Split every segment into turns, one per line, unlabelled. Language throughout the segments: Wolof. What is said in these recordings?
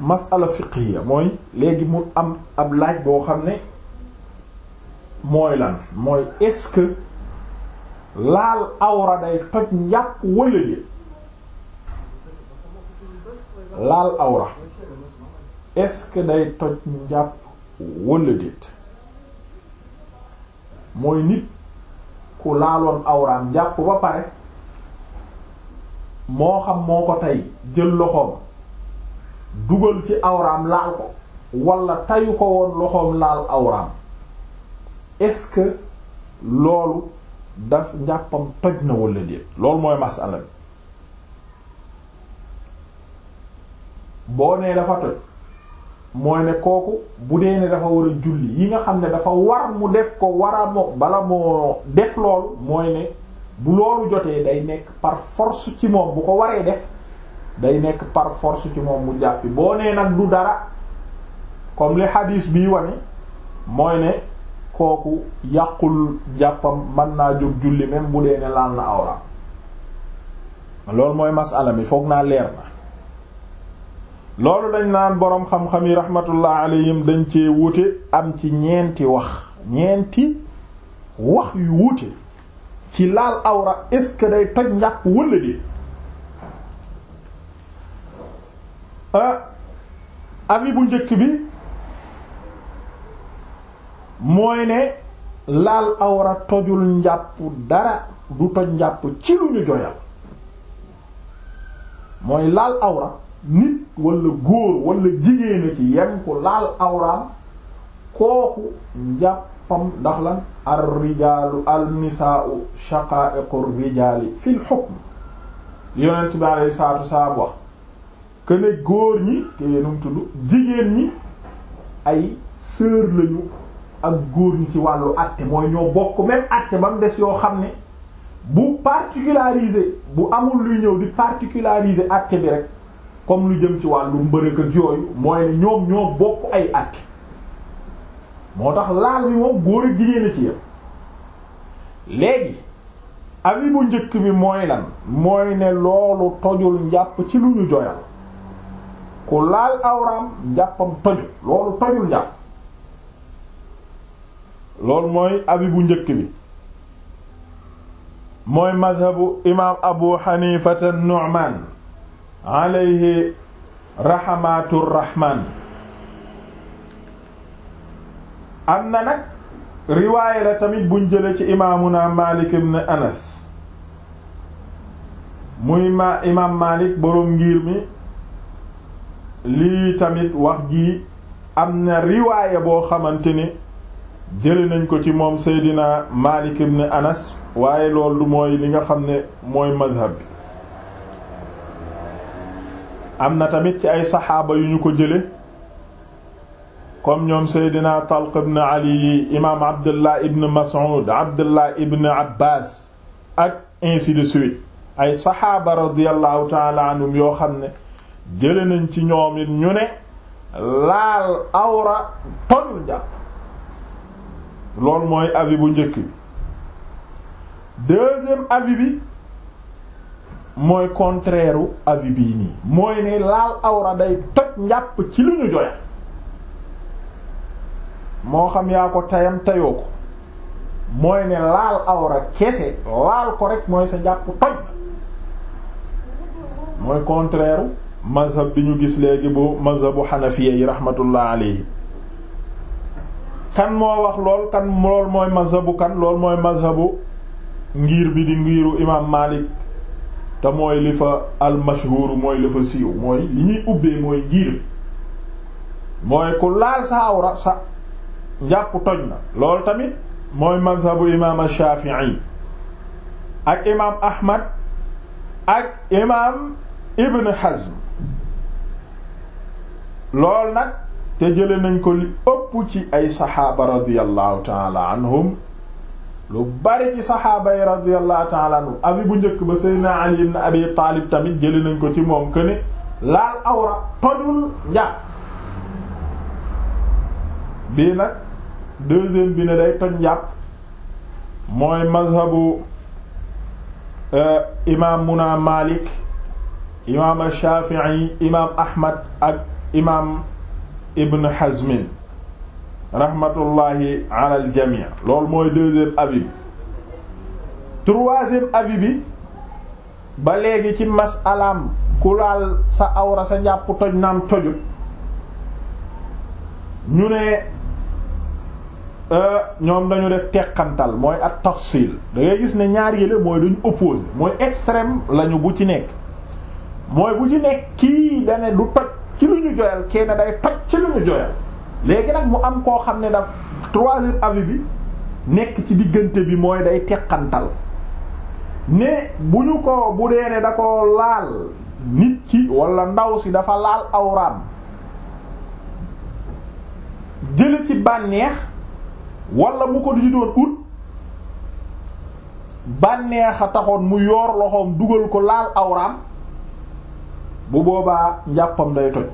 masala fiqhiya mooy léegi mu am ab laaj boo xam ne mooy lan mooy est laal awra day toj njàpp walla laal awra est day toj njàpp walla mooy nit ku laaloon awraam njàpp ba pare moo xam moo ko tey jël loxoom dugal ci awraam laal ko wala tayu ko woon loxoom laal awraam est-ce que loolu daf njàppam toj na wala déet loolu mooy masala bi boo nee dafa toj mooy ne kooku bu dee ne dafa war a julli yi nga xam ne dafa war mu def ko war a bala moo def loolu mooy ne bu loolu jotee day nekk par force ci moom bu ko waree def day nekk par ci moom mu jàppi boo nee nag du dara comme li hadis bii wane mooy ne kooku yàqul jàppam mën naa jóg julli même bu dee ne laal na awra loolu mooy masala mi foog naa leer na loolu dañ naan boroom xam-xam yi rahmatullah alayhim dañ cee wuute am ci ñeenti wax ñeenti wax yu wuute ci laal awra est-ce que day toj njàpp walla déet Ah, avis bu njëkk bi mooy ne laal awra tojul njàpp dara du toj njàpp ci lu ñu joyal mooy laal awra nit wala góor wala jigéen ci yem ku laal awraam kooku njàppam ndax lan ar rijaalu al nisaa'u shaqaa'iqur rijaali fil hukm yonent bi alayhi salaatu wa que ne góor ñi te nu mu tudd jigéen ñi ay sër lañu ak góor ñi ci wàllu àtte mooy ñoo bokk même àtte ba mu des yoo xam ne bu particularisé bu amul luy ñëw di particularisé àtte bi rek comme lu jëm ci wàllu mbërëk ak yooyu mooy ne ñoom ñoo bokk ay àtte moo tax laal bi moom góor ak jigéen a ci yam léegi avis bu njëkk bi mooy lan mooy ne loolu tojul njàpp ci lu ñu joyal ku laal awraam njàppam toju loolu tojul njàpp loolu mooy abi bu njëkk bi mooy madhabu imaam abu xanifata nu'man alayhi rahmatur am na nag riwaayé la tamit buñ jële ci imaamuna malik ibn anas muy ma imaam malik boroom ngir mi lii tamit wax gi am na riwaaya boo xamante ni jëli nañ ko ci moom Seydina Malik ibn Anas waaye loolu mooy li nga xam ne mooy mazhab bi am na tamit ci ay saxaaba yu ñu ko jële comme ñoom Seydina Talq ibn Ali yi imaam Abdullah ibn Mas'ud Abdullah ibn Abbas ak ainsi de suite ay saxaaba radiyallahu taala anhum yoo xam ne jële nañ ci ñoom it ñu ne laal awra tojul jàpp loolu mooy avis bu njëkk bi deuxième avis bi mooy contraire u avis bii nii mooy ne laal awra day toj njàpp ci lu ñu joya moo xam yaa ko tayam tayoo ko mooy ne laal awra kese laal ko rek mooy sa njàpp toj mooy contraire mazhab bi ñu gis léegi bu mazhabu xanafiya yi rahmatullah alayhi kan moo wax lool kan lool mooy mazhabu kan lool mooy mazhabu ngir bi di ngiru imaam Maalik te mooy li fa almashhuru mooy li fa siiw mooy li ñuy ubbee mooy ngir mooy ku laal sa awra sa njàpp toj na loolu tamit mooy mazhabu imaam Shaafi'i ak imaam Ahmad ak imaam Ibn Hazm lool nag te jële nañ ko li ëpp ci ay saxaaba radiallahu taala anhum lu bari saxaaba yi radiallahu taala abi bu jëkk ba seydna ali ibn abi taalib tamit jële nañ ko ci moom këne laal awra tojul njàpp bii nag deuxième bi ne day toj njàpp mooy mazhabu euh, imaamuna malik imaam shafii imaam ahmad ak imaam Ibn Hazmin rahmatullahi ala al jamii loolu mooy deuxième avis bi troisième avis bi ba léegi ci masalaam ku laal sa awra sa njàpp toj naam tojut ñu ne euh, ñoom dañu def teqantal mooy at tafsil dangay gis ne ñaar yële mooy dañu opposé mooy extrême lañu bu ci nekk mooy bu ci nekk kii dane du toj ci lu ñu joyal kenn day toj ci lu ñu joyal léegi nag mu am koo xam ne daf troisième abi bi nekk ci diggante bi mooy day teqantal ne bu ñu ko bu dee ne da ko laal nit ki walla ndaw si dafa laal awraam jële ci bànneex wala mu ko di doon ut bànneex a taxoon mu yor loxoom dugal ko laal awraam bu boobaa njàppam day toj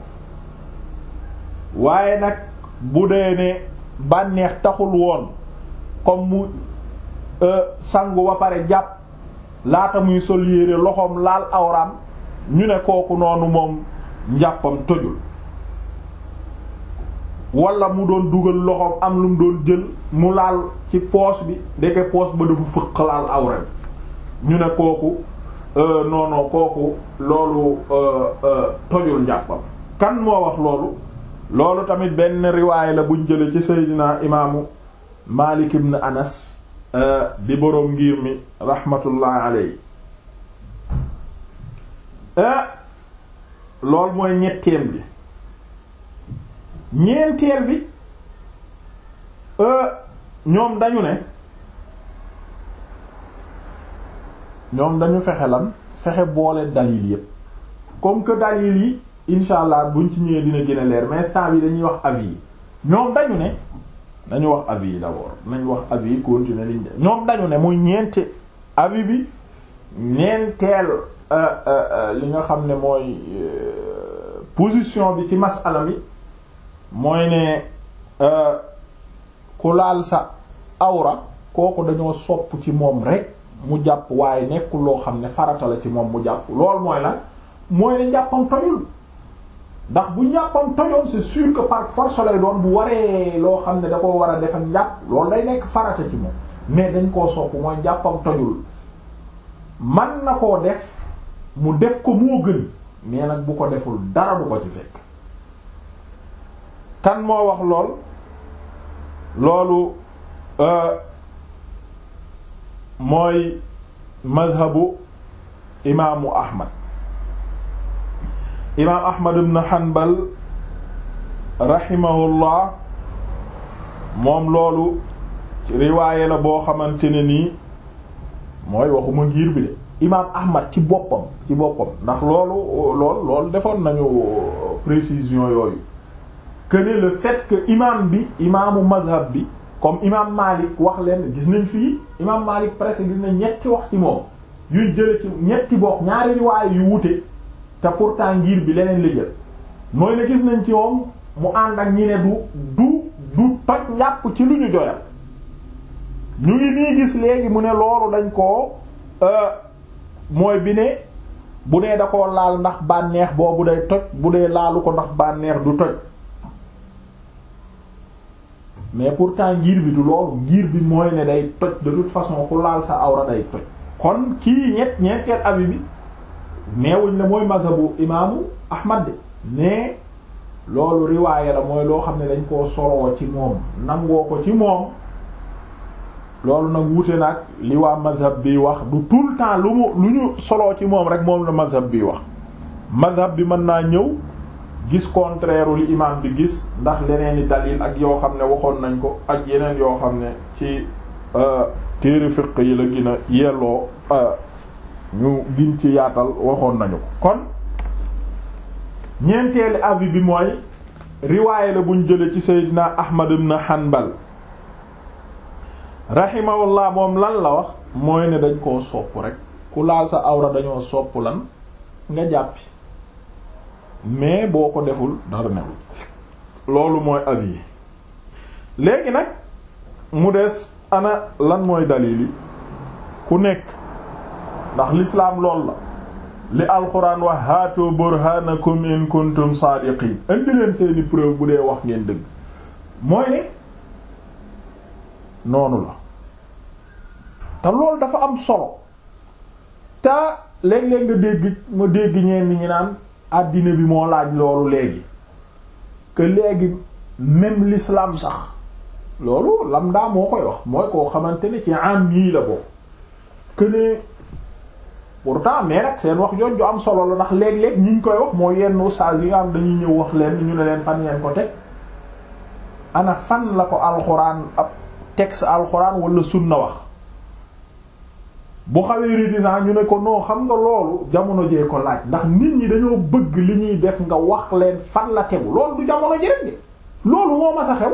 waaye nag bu dee ne bànneex taxul woon comme mu euh, sangu ba pare jàpp laata muy sol yére loxoom laal awraam ñu ne kooku noonu moom njàppam tojul wala mu doon dugal loxoom am lu mu doon jël mu laal ci poos bi ndeke poos ba dafa fëq laal awra ñu ne kooku Euh, noonu kooku loolu euh, euh, tojul njàppam kan moo wax loolu loolu tamit benn riwaay la buñ jële ci seydina imaamu Maalik ibn Anas di boroom ngir mi rahmatullahi alayhi loolu mooy ñetteel bi ñeenteel bi ñoom dañu ne ñoom dañu fexe lan fexe boole dalil yépp comme que dalil yi incha allah buñ ci ñëwee dina gën leer mais saa bi dañuy wax avis yi ñoom dañu ne nañu wax avis yi d'abord nañu wax avis yi continuer liñ de ñoom dañu ne muy ñeente avis bi ñeenteel euh, euh, euh, li nga xam ne mooy position bi ci masala bi mooy ne ku laal sa awra kooku dañoo sopp ci moom rek mu jàpp waaye nekkul loo xam ne farata la ci moom mu jàpp lool mooy lan mooy ne njàppam tojul ndax bu njàppam tojoon c'est sûr que par force lay doon bu waree loo xam ne da ko war a def ak njàpp loolu day nekk farata ci moom mais dañ koo sopp mooy njàppam tojul man na koo def mu def ko moo gën mais nag bu ko deful dara bu ko ci fekk kan moo wax lool loolu euh, mooy madhabu imaamu ahmad imaam ahmad ibn hanbal rahimahullah moom loolu riwaaye la boo xamante ne nii mooy waxuma ngir bi de imaam ahmad ci boppam ci boppam ndax loolu lool loolu defoon nañu précision yooyu que ne le imaam bi imaamu madhab bi comme imam Malik wax leen gis nañ fii imam Malik presque gis nañ ñetti wax ci moom yuy jële ci ñetti bokk ñaari riwaaye yu wute te pourtant ngir bi leneen la jël mooy ne gis nañ ci moom mu ànd ak ñi ci lu ñu gis léegi mu ne loolu dañ ko euh, mooy bi ne bu dee da ko laal ndax bànneex boobu day toj bu dee laalu ko ndax bànneex du toj mais temps ngir bi du loolu ngir bi mooy ne day toj de toute façon ku laal sa awra day toj kon kii ñett ñeenteel abi bi neewuñ la mooy mazhabu imaamu ahmad de mais loolu riwaaye la mooy loo xam ne dañ koo soloo ci moom nangoo ko ci moom loolu nag wuute nag li waa mazhab bi wax du tout le temps lu ñu soloo ci moom rek moom la mazhab bi wax mazhab bi mën naa ñëw gis contraire li imaam bi gis ndax leneen i dalil ak yoo xam ne waxoon nañ ko ak yeneen yoo xam ne ci euh, téere fiq yi la gën a yelloo euh, ñu gin ci yaatal waxoon nañu ko kon ñeenteeli avis bi mooy riwaaye la buñ jëlee ci Seydina Ahmad ibn Hanbal rahimahullah moom lan la wax mooy ne dañ koo sopp rek ku laal sa awra dañoo sopp lan nga jàppi mais boo ko deful dara newul loolu mooy avis yi léegi nag mu des ana lan mooy dalil yi ku nekk ndax lislaam lool la li alxuraan wax haatu burhanakum in kuntum saadiqin indi leen seeni preuve bu dee wax ngeen dëgg mooy ne noonu la te loolu dafa am solo te léeg-léeg nga dégg ma dégg ñeen ñi naan àddina bi moo laaj loolu léegi que léegi même lislaam sax loolu lamda moo koy wax mooy koo xamante ne ci am yii la bokk que ne pourtant mais nag seen wax ju am solo la ndax léeg-léeg ñi ñu mooy yenn ustaas yi dañuy ñëw wax leen ñu ne leen fan ngeen ko teg ana fan la ko alxuraan ab texte alxuraan wala na wax. bu xawee réticent ñu ne ko noo xam nga loolu jamono jee ko laaj ndax nit ñi dañoo bëgg li ñuy def nga wax leen fan la tegu loolu du jamono ji rek loolu moo mas a xew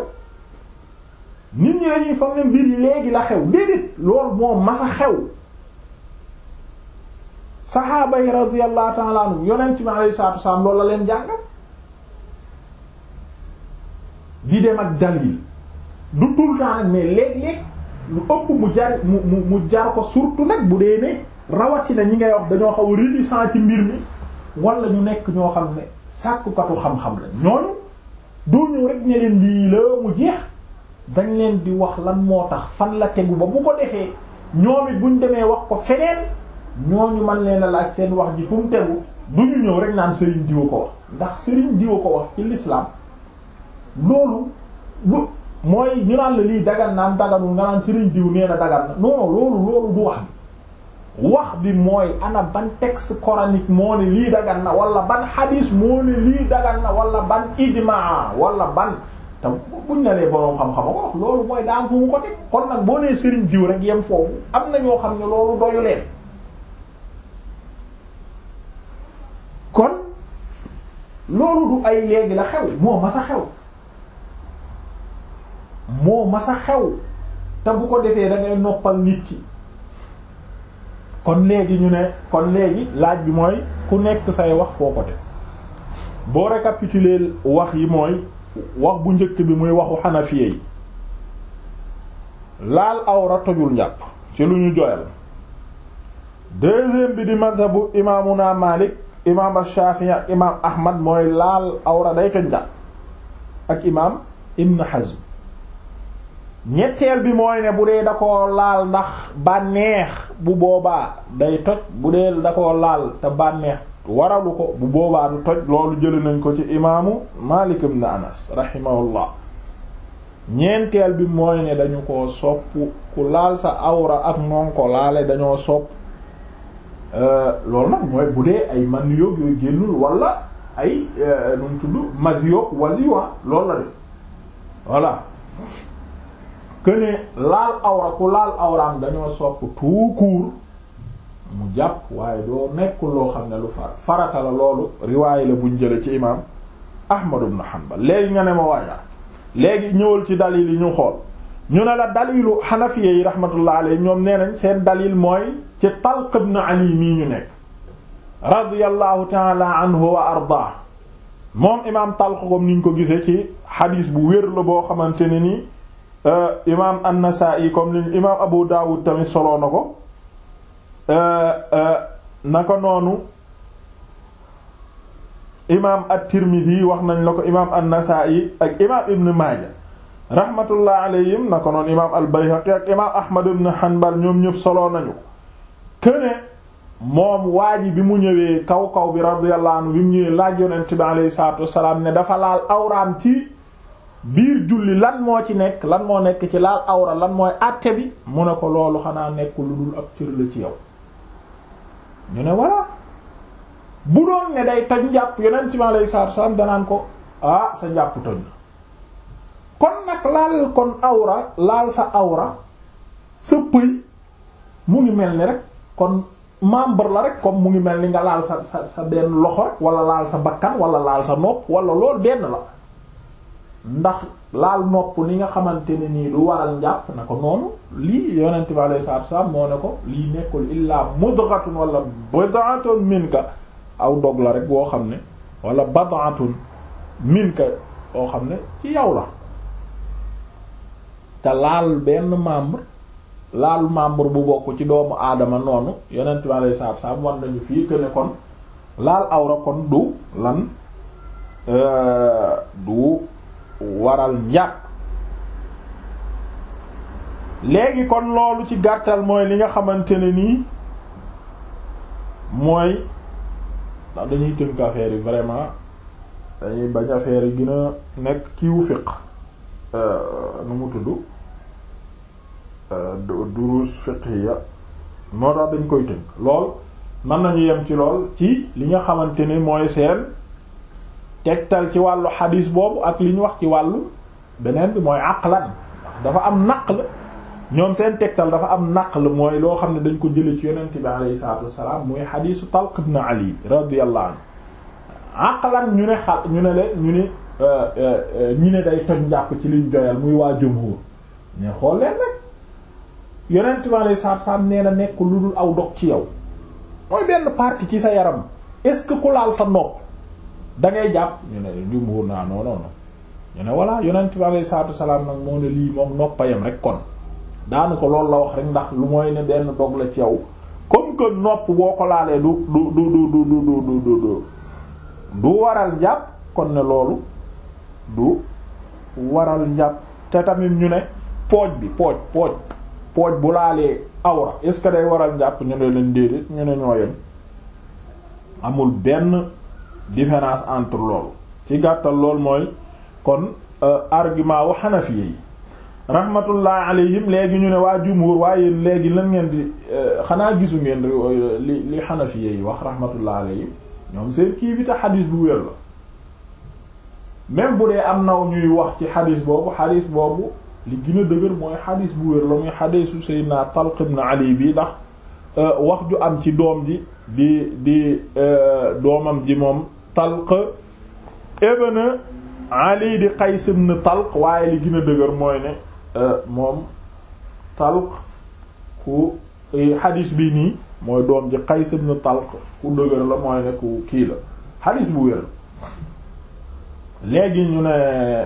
nit ñi dañuy foog ne mbir léegi la xew déedéet loolu moo mas a xew saxaaba yi radiyallahu ta'ala anhum yonent bi alayhi salaatu wasallam loolu la leen jàngal di dem ak dal yi du tout le temps mais lu ëpp mu jar mu mu mu jar ko surtout nag bu dee ne rawatina ñi ngay wax dañoo xaw a réticent ci mbir mi wala ñu nekk ñoo xam ne sàkkukatu xam-xam la ñooñu doo ñëw rek ne leen lii la dañ leen di wax lan moo tax fan la tegu ba bu ko defee ñoom buñ demee wax ko feneen ñooñu man leen la laaj seen wax ji fu mu tegu du ñu ñëw rek naan sëriñ diwa ko wax ndax sëriñ diwa ko wax ci l'islam loolu lu mooy ñu naan la lii dagan naan daganul nga naan sëriñ diw nee na na non loolu loolu du wax bi wax bi mooy ana ban texte coranique moo ne lii dagan na wala ban xadiis moo ne lii dagan na wala ban ijmaa wala ban te buñ na mu ko kon nag boo nee sëriñ diw rek yem foofu am na ñoo xam ne loolu doyu kon loolu du ay léegi la xew moo mas a xew moo masa xew te bu ko defee da ngay noppal nit ki kon léegi ñu ne kon léegi laaj bi mooy ku nekk say wax foo ko te boo récapituler wax yi mooy wax bu njëkk bi muy waxu xanafiye yi laal awra tojul njàpp ci lu ñu joyal deuxième bi di mazhabu imaamuna Malik imaam Shafi'i ak imaam Ahmad mooy laal awra day toj njàpp ak imaam Ibn Hazm ñetteel bi mooy ne bu dee da koo laal ndax bànneex bu boobaa day toj bu dee da ko laal te bànneex waralu ko bu boobaa du toj loolu jëli nañ ko ci imaamu Malik ibn Anas rahimahullah ñeenteel bi mooy ne dañu ko sopp ku laal sa awra ak non laale dañoo sopp euh, loolu nag mooy bu dee ay man yoog yooyu génnul wala ay euh, nu mu tudd mas yoog wasiwa loolu la de voilà que ne laal awra laal awraam dañoo sopp tout court mu jàpp waaye doo nekkul loo xam ne lu far farata la loolu riwaay la buñ jële ci imaam Ahmad ibn Hanbal léegi nga ne ma waayaa léegi ñëwal ci dalil yi ñu xool ñu ne la dalilu xanafiya yi rahmatullah alayhi ñoom nee nañ seen dalil mooy ci Talq ibn Ali mii ñu nekk radiyallahu taala anhu wa ardaa moom imaam Talq comme niñ ko gisee ci xadiis bu wér la boo xamante ne nii Euh, imaam an-Nasaa'i comme li imaam Abu Daawud tamit soloo na ko euh, euh, naka noonu imaam at-Tirmidhi wax nañ la ko imaam an-Nasaa'i ak imaam Ibn Maaja rahmatullah alayhim naka noonu imaam al-Bayhaqi ak imaam Ahmad ibn Hanbal ñoom ñëpp soloo nañu ko ne moom waa bi mu ñëwee kaw kaw bi radiyallahu anhu yi mu ñëwee laaj yonent bi alayhi salaatu wassalaam ne dafa laal awraam ci. biir julli lan moo ci nekk lan moo nekk ci laal awra lan mooy àtte bi mu ne ko loolu xanaa nekk lu dul ab cër la ci yow ñu ne voilà bu doon ne day toj njàpp yonent mi alayhi salaatu salaam danaan ko ah sa njàpp toj na kon nag laal kon awra laal sa awra sa pëy mu ngi mel ni rek kon membre la rek comme mu ngi mel ni nga laal sa sa sa benn loxo rek wala laal sa bakkan wala laal sa nopp wala loolu benn la ndax laal nopp li nga xamante ne nii lu waral njàpp na ko noonu lii yonent bi alayhi moo ne ko lii nekkul illaa mudghatun wala bad'atun minka aw dog la rek boo xam ne wala bad'atun minka boo xam ne ci yow la te laal benn membre laal membre bu bokk ci doomu aadama noonu yonent bi alayhi salaatu wasallam war nañu fii que ne kon laal awra kon du lan euh, du waral njàpp léegi kon loolu ci gàttal mooy li nga xamante ne nii mooy ndax dañuy tënk affaire yi vraiment dañuy bañ affaire gën a nekk kiiwu fiq euh, nu mu tudd euh, duruus fiqhiya moo tax dañ koy tënk lool mën nañu yem ci lool ci li nga xamante ni mooy seen tegtal ci wàllu xadiis boobu ak li ñu wax ci wàllu beneen bi mooy aqlan dafa am naql ñoom seen tegtal dafa am naql mooy loo xam ne dañ ko jële ci yonent bi alayhi salaatu wassalaam muy xadiisu Talq ibn Ali radiyallahu anhu aqlan ñu ne xal ñu ne leen ñu ne euh, euh, ñu ne day toj njàpp ci liñ joyal muy waa jumhur ne xool leen nag yonent bi alayhi salaatu wassalaam nee na nekkul lu dul aw dog ci yow mooy benn partie ci sa yaram est-ce que ku laal sa nopp da ngay jàpp ñu ne jumhur naa non non non ñu ne voilà yonent bi alayhi salaatu salaam nag moo ne lii moom noppayam rek kon daanu ko loolu la wax rek ndax lu mooy ne benn dog la ci yow comme que nopp boo ko laalee du du du du du du du du du waral njàpp kon ne loolu du waral njàpp te tamit ñu ne pooj bi pooj pooj pooj bu laalee awra est-ce que day waral njàpp ñu ne leen déedéet ñu ne ñoo yem amul benn. différence entre loolu ci gàttal lool mooy kon euh, argument wu xanafi yi rahmatullah alayhim léegi ñu ne waa jumhur waaye léegi lan ngeen di euh, xanaa gisu ngeen euh, li li xanafi yi wax rahmatullah alayhim ñoom seen kii bi te xadis bu wér la même bu dee am naw ñuy wax ci xadis boobu xadis boobu li gën a dëgër mooy xadis bu wér la muy xadisu naa Talq ibn Ali bi ndax wax ju am ci doom ji di di doomam ji moom Talq ibn Ali di Qays ibn Talq waaye li gën a dëgër mooy ne euh, moom Talq ku eh, xadiis bi nii mooy doom ji Qays ibn Talq ku dëgër la mooy ne ku kii la xadiis bu wér léegi ñu ne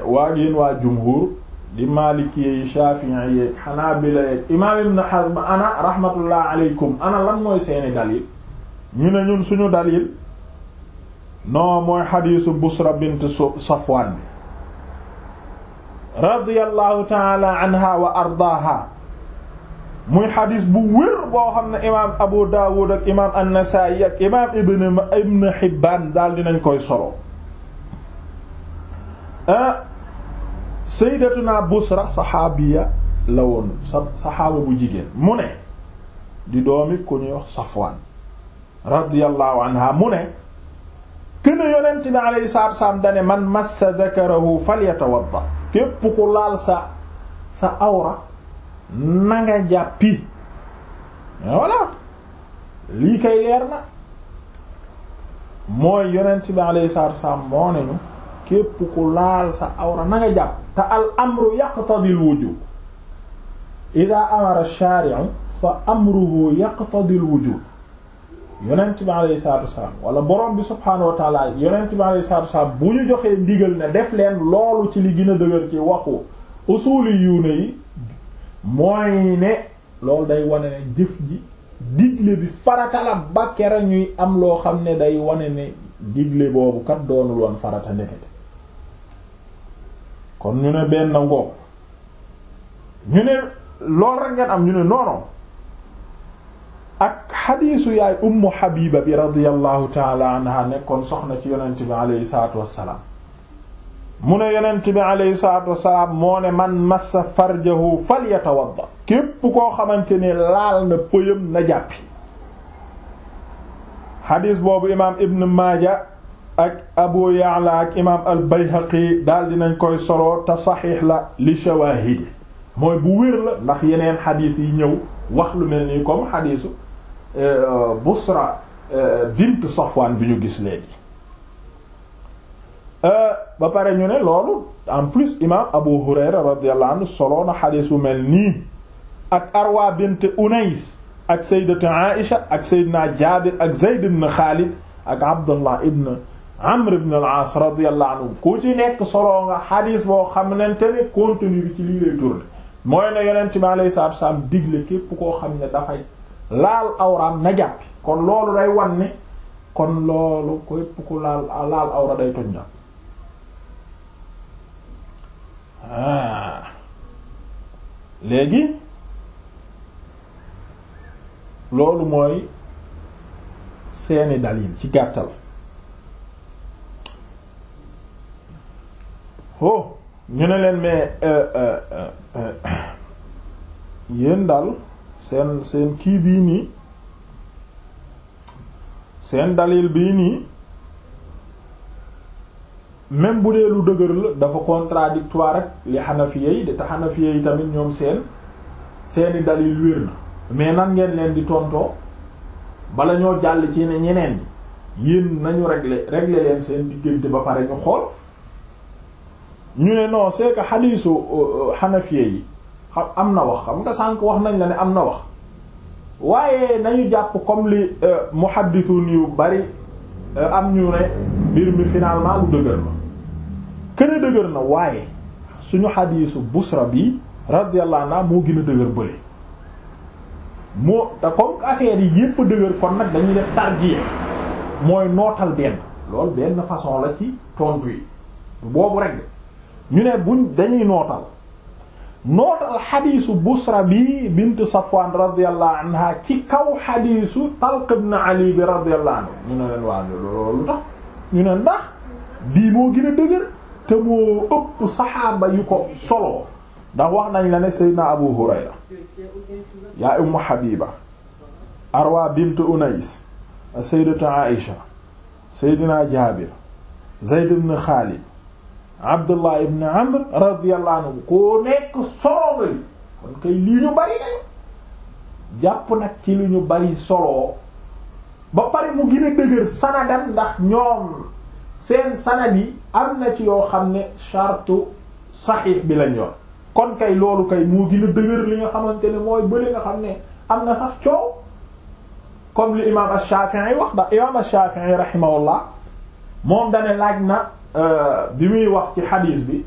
waa yéen waa jumhur di maalikiyee Shafi'i yeeg Hanabila yeeg imaam Ibn Hazm ana rahmatullah aleykum ana lan mooy seeni dalil ñu ne ñun suñu dalil non mooy xadiisu Busra bint Safwaan bi radiyallahu taala anha wa ardaaha muy xadiis bu wér boo xam ne imaam Abu Daawud ak imaam An-Nasaa'i imaam Ibn Ibn Hibbaan daal dinañ koy solo ah Busra saxaabiya la woon saxaaba bu jigéen mu ne di doomi ku ñuy wax Safwaan radiyallahu anha mu ne këna yonent bi alayhi salaatu salaam dane man massa zakarahu falyatawadda képp ku laal sa sa awra jàppi voilà lii kay leer mooy yonent bi alayhi salaatu salaam moo nañu képp ku laal sa awra na nga jàpp te al amru yaqtadi amara ash fa amruhu yaqtadi al yonent bi alayhi salaatu wasalaam wala borom bi subhaanahu wa taala yonent bi alayhi salaatu wasalaam bu ñu joxee ndigal ne def leen loolu ci li gën a dëgër ci waxu usuli yuune yi mooy ne loolu day wane ne jëf ji digle bi farata la ba kera ñuy am loo xam ne day wane ne digle boobu kat doonul woon farata ndekete kon ñu ne benn ngoog ñu ne loolu rek ngeen am ñu ne noonoon xadiisu yaay ummu Habiba bi radiyallahu taala anha nekkoon soxna ci yonent bi aleyhi salaatu wassalaam mu ne yonent bi aleyhi salaatu wassalaam moo ne man massa farjahu falyatawadda képp koo xamante ne laal na pëyam na jàppi xadiis boobu imaam Ibn Maaja ak Abu Ya'la ak imaam al-Bayhaqi daal dinañ koy solo te saxiix la li shawaahidi mooy bu wér la ndax yeneen xadiis yi ñëw wax lu mel nii comme xadiisu Euh, euh, Busra euh, bint Safwan bi ñu gis léegi ba pare ñu ne loolu en plus imaam Abu Hurayra radiyallahu anhu soloon na xadiis bu mel nii ak Arwa bint Unays ak sayyidatu Aisha ak sayyidina Jaabir ak Zayd ibn Xaalid ak Abdullah ibn Amr ibn al-As radiyallahu anhu ku ci nekk soloo xadiis boo xamante ne contenu bi ci lii lay tourné mooy ne yonent bi salaam digle képp koo xam ne dafay laal awraam na jàppi kon loolu day wanne kon loolu képp ku laal laal awra day toj jàpp ah. léegi loolu mooy seeni dalil ci gàttal oh ñu ne leen mais euh, euh, euh, yéen daal seen seen kii bii nii seen dalil bii nii même bu dee lu dëgër la dafa contradictoire ak li xanafiya yi de te xanafiya yi tamit ñoom seen seeni dalil wér na mais nan ngeen leen di tontoo bala ñoo jàll ci ne ñeneen ñi yéen nañu régler regle leen seen diggante ba pare ñu xool ñu ne non c'est que xadiisu xanafiya euh, yi xam am na wax xam nga sànk wax nañ la ne am na wax waaye nañu jàpp comme li euh, muhaddithun yu bari euh, am ñu ne mbir mi finalement lu dëgër na kën a dëgër na waaye suñu xadiisu busra bi radiyallahu moo gën a dëgër bële moo te comme affaire yi yépp dëgër kon nag dañuy def tarjiix mooy nootal benn lool benn façon la ci tontu yi boobu rek ñu ne buñ dañuy nootal nootal xadiisu Busra bi bint Safwan radiyallahu anha ci kaw xadiisu Talq ibn Ali bi radiyallahu anhu ñu ne leen waa ne ndax bii ëpp saxaaba yu solo ndax wax nañ la ne Seydina Abu Hurayra yaa Ummu Habiba Arwa bint Unais Sayyidatu Aïsha Seydina Jaabir Zayd ibn Xaalid Abdullah ibn Amr radiyallahu anhu koo nekk solo li kon kay lii ñu bari lañu jàpp nag ci li ñu bari solo ba pare mu gën a dëgër sanadan ndax ñoom seen sanad yi am na ci yoo xam ne chartu saxiix bi lañ kon kay loolu kay moo gën dëgër li nga xamante ne mooy bële nga xam ne am na sax coow comme li imaam Ash-Shafi'i wax ndax imaam Ash-Shafi'i rahimahullah moom dane laaj na Euh, bi muy wax ci xadiis bi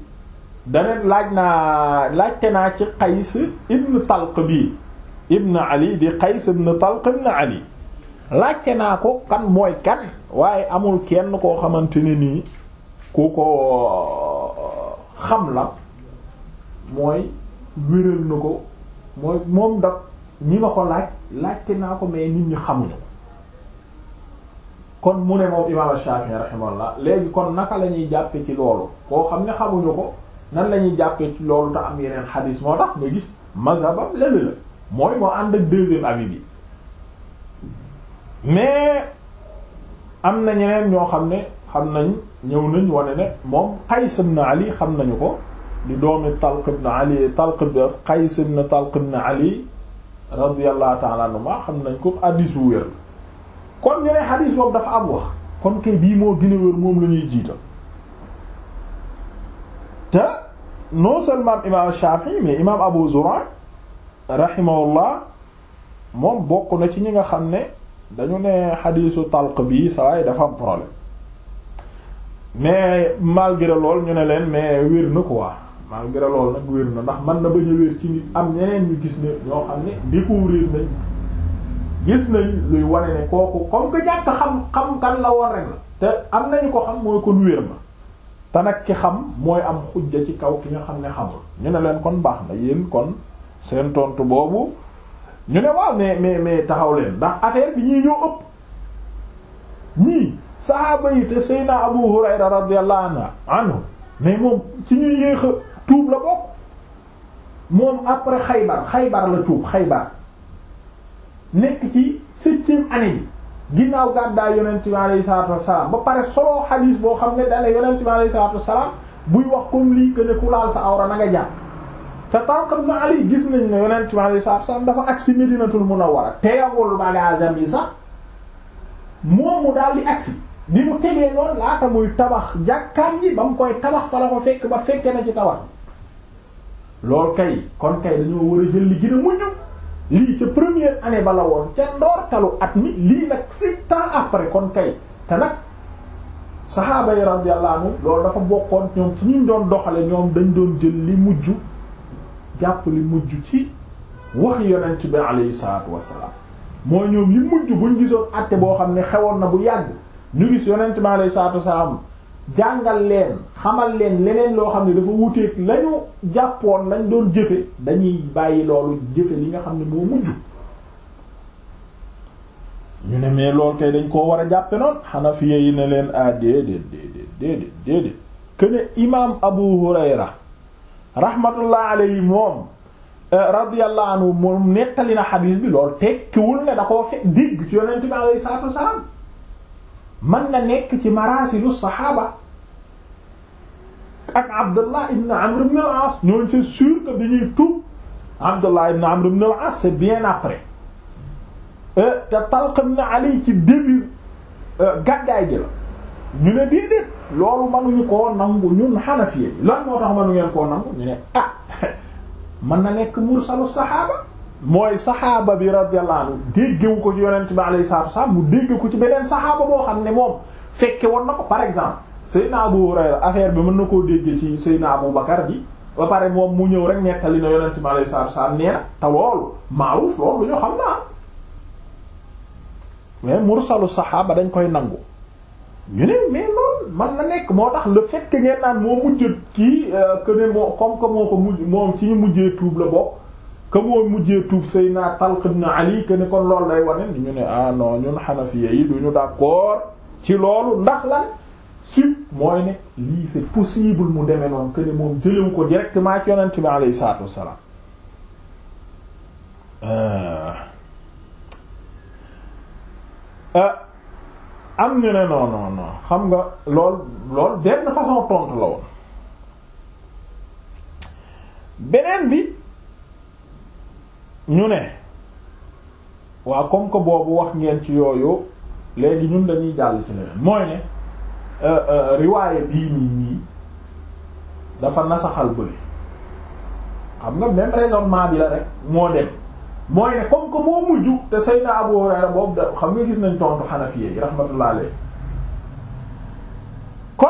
daneen laaj naa laajte naa ci Qays ibn Talq bi ibn Ali di Qays ibn Talq ibn Ali laajte naa ko kan mooy kan waaye amul kenn koo xamante ne nii ku ko euh, xam la mooy wéral na ko mooy moom daf ñi ma ko laaj laajte naa ko mais nit ñi xamuñu kon mu ne moom imaam Shafi'i rahimahullah léegi kon naka la ñuy jàppe ci loolu koo xam ne xamuñu ko nan la ñuy jàppe ci loolu te am yeneen xadis moo tax nga gis mazhabam lëli la mooy moo ànd ak deuxième avis bi mais am na ñeneen ñoo xam ne xam nañ ñëw nañ wane ne moom Qays ibn Ali xam nañu ko di doomi Talq ibn Ali Talq ibn Qays ibn Talq ibn Ali radiyallahu ta'ala anhu xam nañ ko hadiis bu kon ñu ne xadiis boobu dafa am wax kon kay bii moo gën a wér moom la ñuy jiital te non seulement imaam Shafi'i mais imaam Abu Zur'a rahimahullah moom bokk na ci ñi nga xam ne dañu ne xadiisu talq bii sawaay dafa am problème mais malgré lool ñu ne leen mais wér na quoi malgré lool nag wér na ndax mën na bañ a wér ci nit am ñeneen ñu gis ne ñoo xam ne découvrir nañ gis nañ luy wane ne kooku comme que ñàkk xam xam kan la woon rek la te am nañu ko xam mooy kon wér ma te nag ki xam mooy am xujja ci kaw ki nga xam ne xamul ñu ne leen kon baax na yéen kon seen tontu boobu ñu ne waaw mais mais mais taxaw leen ndax affaire bi ñii ñoo ëpp ñii saxaaba yi te Seydina Abu Hurayra radiyallahu anhu mais moom ci ñuy yéex tuub la bokk moom après Xaybar Xaybar la tuub Xaybar nekk ci septième année bi ginnaaw gàddaay yonent bi alayhi salaatu wassalaam ba pare solo xadiis boo xam ne dane yonent bi alayhi salaatu wassalaam buy wax comme lii que ne laal sa awra na nga jàpp te Tarq ibn Ali gis nañ ne yonent bi alayhi salaatu wassalaam dafa agsi Medinatul Munawwara teewul bagaasam yi sax moom mu daal di agsi bi mu tegee noonu laata muy tabax jàkkaam ji ba mu koy tabax fa la ko fekk ba fekke na ci tabax loolu kay kon kay dañoo war lii ca première année ba la woon ca ndoortalu at mi lii nag sept ans après kon kay te nag saxaaba yi radiyallahu loolu dafa bokkoon ñoom ci ñu doon doxale ñoom dañ doon jël li mujj jàpp li mujj ci wax yonent bi alayhi salaatu wassalaam mooy ñoom li mujj buñ gisoon àtte boo xam ne xewoon na bu yàgg ñu gis yonent bi alayhi salaatu wassalaam jàngal leen xamal leen leneen loo xam ne dafa wuteeg lañu jàppoon lañ doon jëfe dañuy bàyyi loolu jëfe li nga xam ne moo mujj ñu ne mais lool kay dañ koo war a jàppe noonu xanafiye yi ne leen ah déedéet déedéet déedéet déedéet imaam Abu Hurayra rahmatullah alayhi moom euh, radiyallahu anhu moom nettali na xadiis bi lool tekkiwul ne da koo fekk ci yonent bi alayhi salaatu wasalaam man na nekk ci marasilu saxaaba ak Abdullah ibn Amr ibn al-As ñooñu c'est sûr que bi ñuy tuub Abdullah ibn Amr ibn al-As c'est bien après euh, te Talq ibn Ali ci début euh, gàddaay gi la ñu ne déedéet loolu mënuñu koo nangu ñun Hanafi lan moo tax mënu ngeen koo nangu ne ah mën na nekk mursalu saxaaba mooy saxaaba bi radiyallahu anhu déggewu ko ci yonent bi alayhi salaatu wasallam mu dégg ko ci beneen saxaaba boo xam ne moom fekke woon na ko par exemple Seydina Abu Hurayra affaire bi mën na koo dégge ci Seydina Abu Bakar bi ba pare moom mu ñëw rek nettali na yonent bi alayhi salaatu wasallam nee na loolu ñu xam naa mais mursalu saxaaba dañ koy nangu ñu ne mais loolu man na nekk moo tax la fait que ngeen naan moo mujj kii euh, que ne moo comme que ko mujj moom ci ñu mujjee tuub la bokk que moo mujjee tuub Seydina Talq ibn Ali que kon loolu lay wane ni ñu ne ah non ñun xanafiya yi duñu d'accord ci loolu ndax lan sup mooy ne lii c'est possible mu demee noonu que ni moom jëlewu ko directement ci yonent bi alayhi salaatu wassalaam euh, euh, am ñu ne non non xam nga lool lool benn façon tontu la woon beneen bi. ñu ne waaw comme que boobu wax ngeen ci yooyu léegi ñun dañuy jàll ci leneen mooy ne euh, euh, riwaaye bii nii nii dafa nasaxal bëri xam nga même raisonnement bi la rek moo dem mooy ne comme que moo mujj te Seydina Abu Hurayra boobu da xam nga gis nañ tontu Hanafiyya yi rahmatullah kon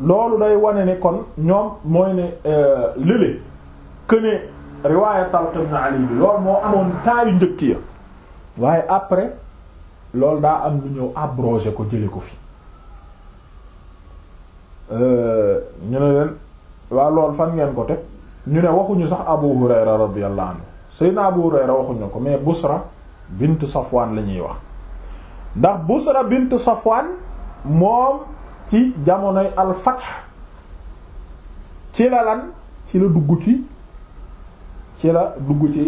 loolu day wane ne kon ñoom mooy ne euh, lële que riwaaya Talq ibn Ali bi loolu moo amoon temps njëkk ya waaye après loolu daa am lu ñëw abrogé ko jële ko fi euh, ñu ne leen waa loolu fan ngeen ko teg ñu ne waxuñu sax Abu Hurayra radiyallahu anhu Seydina Abu Hurayra waxuñu ko mais Busra bint Safwan la ñuy wax ndax Busra bint Safwan moom ci jamonoy al-Fath ci la lan ci la dugg ci ci la dugg ci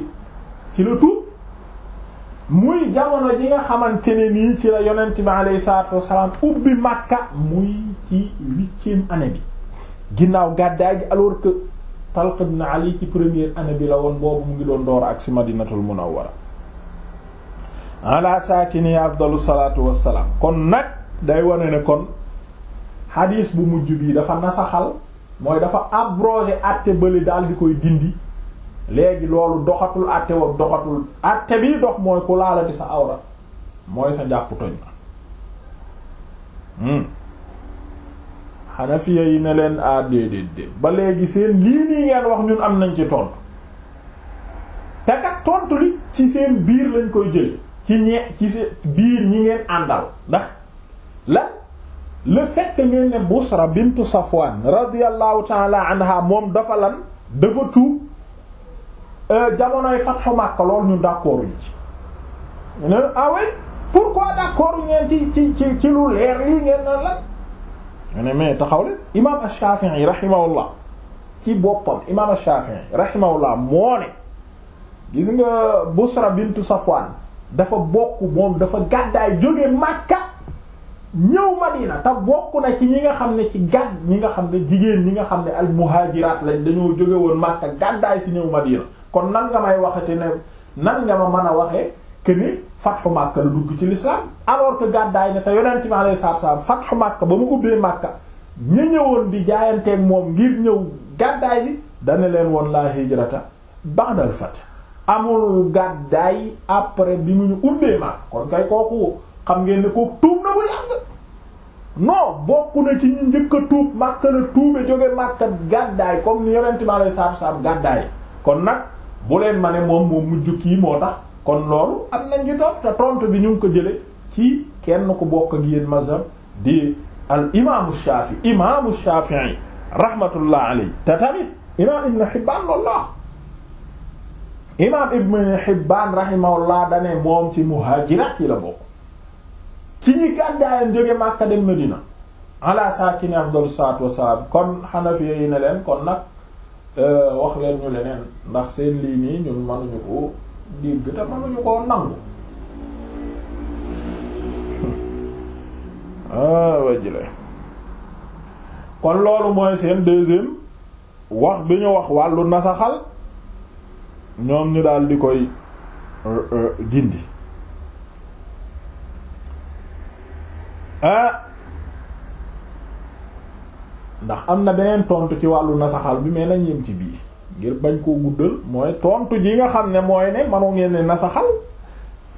ci la tuub muy jamono ji nga xamante ne ci la yonent bi alayhi salaatu wassalaam ubbi Makka muy ci huitième année bi ginnaaw gàddaay gi alors que Talq ibn Ali ci premier année bi la woon boobu mu ngi doon door ak si Madinatul Munawwara ala saakini afdalu salaatu wassalaam kon nag day wane ne kon hadis bu mujj bii dafa nasaxal mooy dafa abrogé àtte bële daal di koy dindi léegi loolu doxatul àtte doxatul àtte bi dox mooy ku laalati sa awra mooy sa njàpp toj na xanafiya hmm. yi ne leen a ah, déedéet ba léegi seen lii nii ngeen wax ñun am nañ ci tontu te kat tontu li ci seen biir lañ koy jël ci ñe ci seen biir ñi ngeen àndal ndax la le fait que ngeen ne Busra bintu Safwan radiyallahu ta'ala anha moom dafa lan dafa tuub Euh, jamonoy fatxu Makka loolu ñun d'accord ñu ci ne ah oui pourquoi d'accord ngeen ci ci ci lu leer lii ngeen naan la ñu ne mais taxaw leen imam Ash-Shafi'i rahimahullah ci boppam imam Ash-Shafi'i rahimahullah moo ne gis nga Busra bintu Safwan dafa bokk moom dafa gàddaay jóge Makka ñëw Madina te bokk na ci ñi nga xam ne ci gàdd ñi nga xam ne jigéen ñi nga xam ne al muhajiraat lañ dañoo jóge woon Makka gàddaay si ñëw Madina kon nan nga may waxati ne nan nga ma mën a waxee que ni fatxu Makka la dugg ci l'islam alors que gàddaay ne te yonent mi alayhi salaatu salaam fatxu Makka ba ñëwoon di jaayanteeg moom ngir ñëw gàddaay si dana leen woon laa hijrata ba'dal fath amul gàddaay après bi mu ñu ubbee Makka kon xam ngeen ne kooku tuub na bu yàgg non bokk la tuube jóge Makka gàddaay comme ni yonent mi alayhi salaatu gàddaay kon nag. bu leen ma ne moom moom mujj kii moo tax kon loolu am nañ ñu te tontu bi ñu ko jële ci kenn ku bokk ak yéen mazhab di al imaamu Shaafi imaamu Shaafi'i rahmatullah alayhi te tamit imaam Ibn Hibbaan loolu imaam Ibn Hibbaan rahimahullah dane moom ci muhaajiraat yi la bokk ci ñi gàddaayam jóge Makka dem Medina ala saakini afdalu salaatu wassalaam kon Hanafiya yi ne leen kon nag Euh, wax leen ñu leneen ndax seen lii nii ñun mënuñu ko dégg te mënuñu koo nangu ah wajile kon loolu mooy seen deuxième wax bi ñu wax wàllu nasaxal ñoom ñu daal di koy euh, euh, dindi ah ndax am na beneen tontu ci wàllu nasaxal bi mais nañ yem ci bii ngir bañ koo guddal mooy tontu ji nga xam ne mooy ne manu ngeen ne nasaxal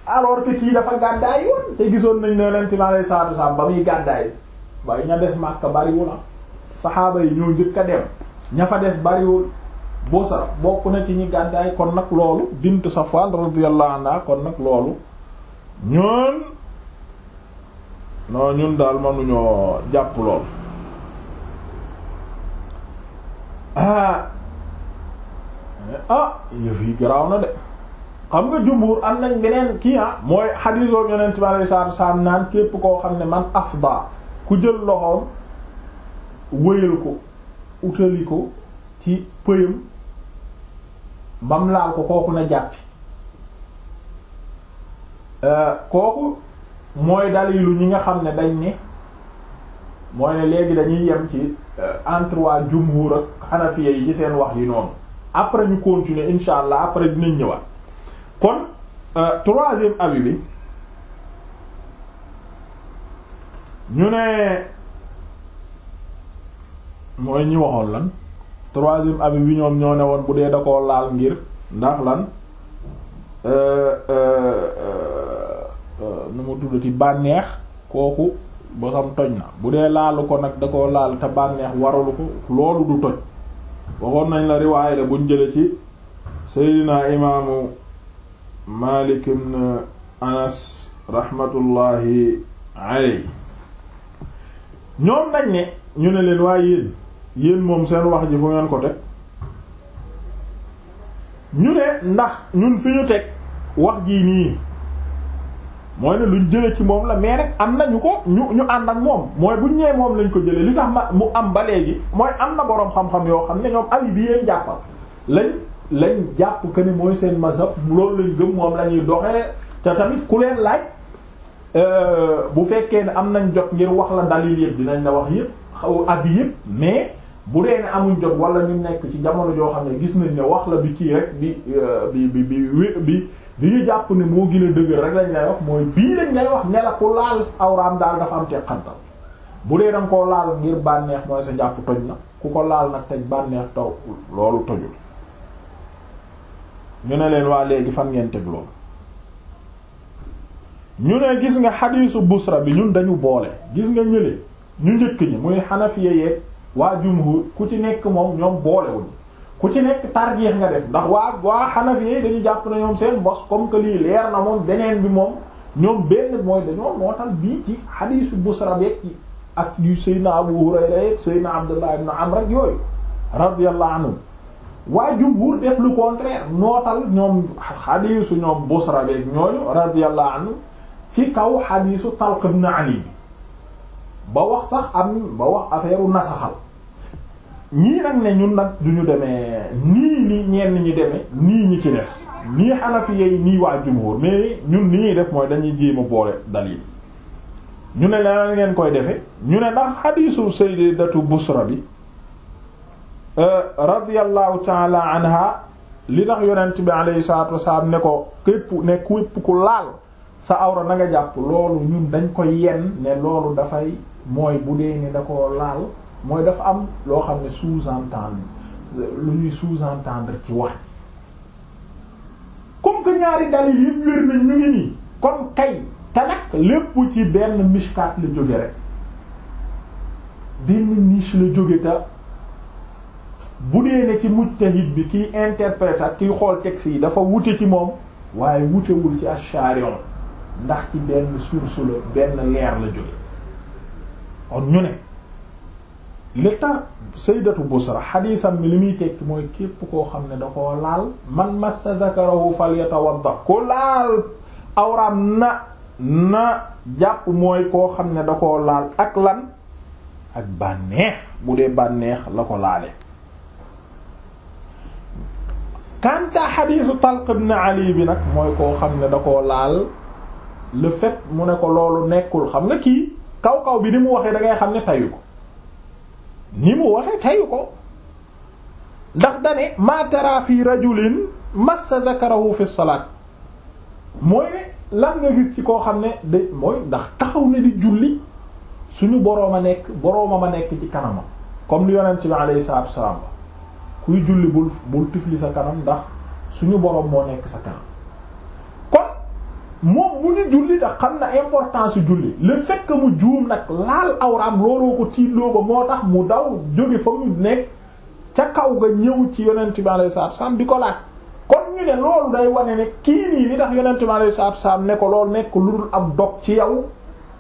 alors que kii dafa gàddaay woon te gisoon nañ ne leen ci ma lay saatu saam ña des Makka bariwul ah. saxaaba yi ñoo njëkk a dem ña fa des bariwul Bosra bokk na ci ñi gàddaay kon nag loolu bint Safwan radiyallahu anha kon nag loolu ñoon non ñun daal manuñoo jàpp lool ah ah yëf yi garaaw na de xam nga jumbuur am nañ beneen kii ah mooy xadiis boobu yonent bi alayhi salaatu salaam naan képp koo xam ne man afda ku jël loxoom wëyal ko utali ko ci pëyam bam laal ko kooku na jàppi eh, kooku mooy dalilu ñi nga xam ne dañ ne mooy ne léegi dañuy yem ci Euh, entroit waa jumhur ak xanafiya yi ci seen wax yi noonu après ñu continuer insha allah après dinañ ñëwaat kon euh, troisième avis bi ñu ne mooy ñi waxoon lan troisième avis bi ñoom ñoo ne woon bu dee da koo laal ngir ndax lan euh, nu mu ti bànneex kooku bosam toj na bu dee laalu ko nag da koo laal te bànneex waralu ko loolu du toj waxoon nañ la riwaaya la buñ jële ci seydina imaamu Maalik ibn Anas rahmatullahi aley ñoom nañ ne ñu ne leen waaye yéen yéen moom seen wax ji fu ngeen ko teg ñu ne ndax ñun fi ñu teg wax jii nii mooy lu ñu jële ci moom la mais rek am na ñu ko ñu ñu ànd ak moom mooy bu ñëwee moom lañ ko jëlee li tax ma mu am ba léegi mooy am na boroom xam-xam yoo xam ne ñoom avis bi yeen jàppal lañ lañ jàpp que ni mooy seen mazhab loolu lañ gëm moom la ñuy doxee ca tamit ku leen laaj euh, bu fekkee ne am nañ jot ngir wax la dalil yëpp dinañ la wax yëpp xaw avis yëpp mais bu dee ne amuñ jot wala ñu nekk ci jamono joo xam ne gis nañ ne wax la bi ci rek euh, bi bi bi bi bi ñu jàpp ne moo gën a dëgër rek lañ lay wax mooy bii lañ lay wax ne la ku laal awraam daal dafa am teqantal bu dee danga koo laal ngir bànneex mooy sa jàpp toj na ku ko laal nag tej bànneex taw loolu tojul ñu ne leen waa léegi fan ngeen teg loolu ñu ne gis nga xadiisu busra bi ñun dañu boole gis nga ñële ñu njëkk ñi muy xanafiye yeeg waa jumhur ku ci nekk moom ñoom boolewuñu ku ci nekk tarjeex nga def ndax waa waa Hanafi dañu jàpp na ñoom seen bos comme que lii leer na moom beneen bi moom ñoom benn mooy dañoo nootal bii ci hadiisu Busra beek ak yu Seydina Abu Hurayra yeeg Seydina Abdullah ibn Amr ak yooyu radiyallahu anhu waa jumhur def lu contraire nootal ñoom hadiisu ñoom Busra beek ñooñu radiyallahu anhu ci kaw hadiisu Talq ibn Ali bi ba wax sax am ba wax affaire nasaxal ñii nag ne ñun nag du ñu demee nii ni ñenn ñi demee nii ñi ci des nii xanafi yey nii waa jumhur mais ñun ni ñuy def mooy dañuy jéem a boole dalil ñu ne la ngeen koy defe ñu ne ndax xadiisu sayyidatu busra bi euh, radiyallahu taala anha li tax yonent bi alayhi salatu wasalaam ne ko képp ne képp ku laal sa awra na nga jàpp loolu ñun dañ koy yenn ne loolu dafay mooy bu dee ne da ko laal mooy dafa am loo xam ne sous-entendre lu ñuy sous-entendre ci wax comme que ñaari dalil yi wér nañ ñu ngi nii kon kay te nag lépp ci benn mishkaat la jóge rek benn niche la jóge te bu dee ne ci mujtahid bi kiy interprète ak kiy xool texte yi dafa wute ci moom waaye wutewul ci ash ndax ci benn source la benn leer la jóge kon ñu ne li tax sayyidatu Busra xadiisam bi li muy tekki mooy képp koo xam ne da koo laal man massa zakarahu falyatawadda ku laal awraam na na jàpp mooy koo xam ne da koo laal ak lan ak bànneex bànneex la ko laale kanta xadiisu Talq ibn Ali bi nag mooy koo xam ne da koo laal le fait mu ne ko loolu nekkul xam nga kii kaw kaw bi ni mu waxee da ngay xam ne tayu ko ni mu waxe tayu ko ndax dane ma tara fi rajulin massa zakarahu fi salaat mooy ne lan nga gis ci koo xam ne da mooy ndax taxaw ne di julli suñu boroom a nekk boroomam a nekk ci kanamam comme li yonent bi alayhi salaatu wa salaam kuy julli bul bul tifli sa kanam ndax suñu boroom moo nekk sa kanam moom bu ñu julli da xam na importance julli le fait que mu juum nag laal awraam looloo ko tiitloo ba moo tax mu daw jóge fa mu nekk ca kaw ga ñëw ci yonent bi alayhi salaatu salaam di ko laaj kon ñu ne loolu day wane ne kii nii li tax yonent bi alayhi salaatu salaam ne ko loolu nekk lu dul am dog ci yow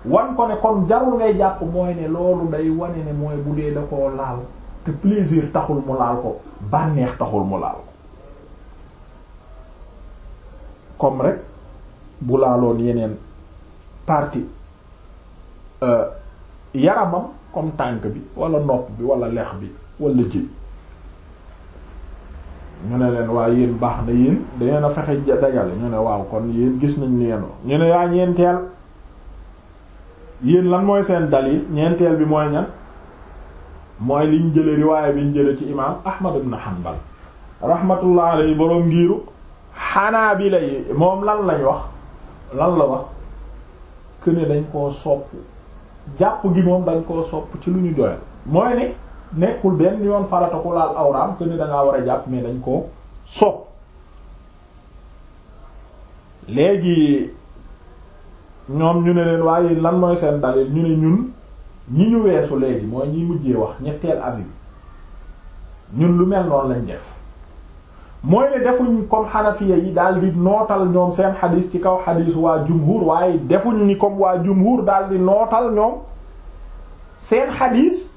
wan ko ne kon jarul ngay jàpp mooy ne loolu day wane ne mooy bu dee da koo laal te plaisir taxul mu laal ko bànneex taxul mu laal ko comme rek bu laaloon yeneen partie euh, yaramam comme tànk bi walla nopp bi wala lex bi wala jël ñu ne leen waaye yéen baax na yéen dangeen a fexe dajale ñu ne waaw kon yéen gis nañ leen ñu ne yaa ñeenteel yéen lan mooy seen dalil ñeenteel bi mooy ñan mooy liñ jële riwaaye biñ jële ci imaam Ahmad ibn Hanbal rahmatullah alayhi boroom ngiiru Hanaabila yi moom lan lañ wax lan la wax que ne koo sopp jàpp gi moom dañ koo sopp ci lu ñu doyal mooy ne nekkul benn yoon farata ku laal awraam que ne war a jàpp mais dañ koo sopp léegi ñoom ñu ne leen waaye lan mooy seen dalil ñu ne ñun ñi ñu weesu léegi mooy ñi mujjee wax ñetteel abi bi ñun lu mel noonu lañ def mooy ne defuñ comme xanafiya yi daal di nootal ñoom seen xadis ci kaw xadis waa jumhur waaye defuñ ni comme waa jumhur daal di nootal ñoom seen xadis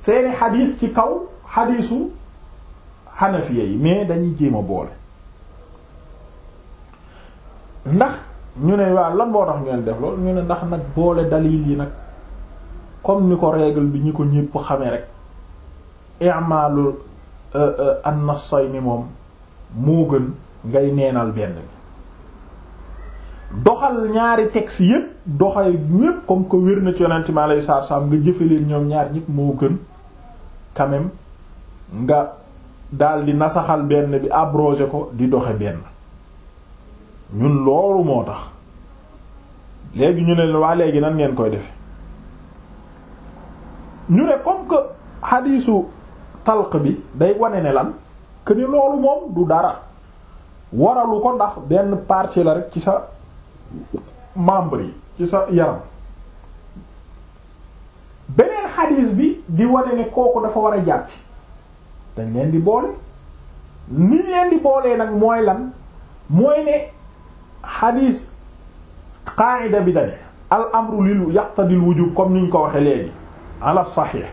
seeni xadis ci kaw xadisu xanafiya yi mais dañuy jéem a boole ndax ñu ne waa lan moo tax ngeen def loolu ñu ne ndax nag boole dalil yi nag comme ni ko règle bi ñu ko ñépp xamee rek i'malul euh, euh, an-nassayni moom moo gën ngay neenal benn bi doxal ñaari texte yépp doxal yépp comme que wér na ci yonent mi alayhi salaatu salaam nga jëfe leen ñoom ñaar ñépp moo gën quand nga daldi nasaxal benn bi abrogé ko di doxe benn ñun loolu moo tax léegi ñu ne waa léegi nan ngeen koy defe ñu ne comme que xadiisu talq bi day wane ne lan que ni loolu moom du dara waralu ko ndax benn partie la rekk ci sa membre yi ci sa yaram beneen xadiis bi di ware ne kooku dafa war a jàppi dañ leen di boole ni leen di boolee nag mooy lan mooy ne xadiis qaida bi dane al amru lil yaqtadil wujub comme niñ ko waxee léegi ala sahih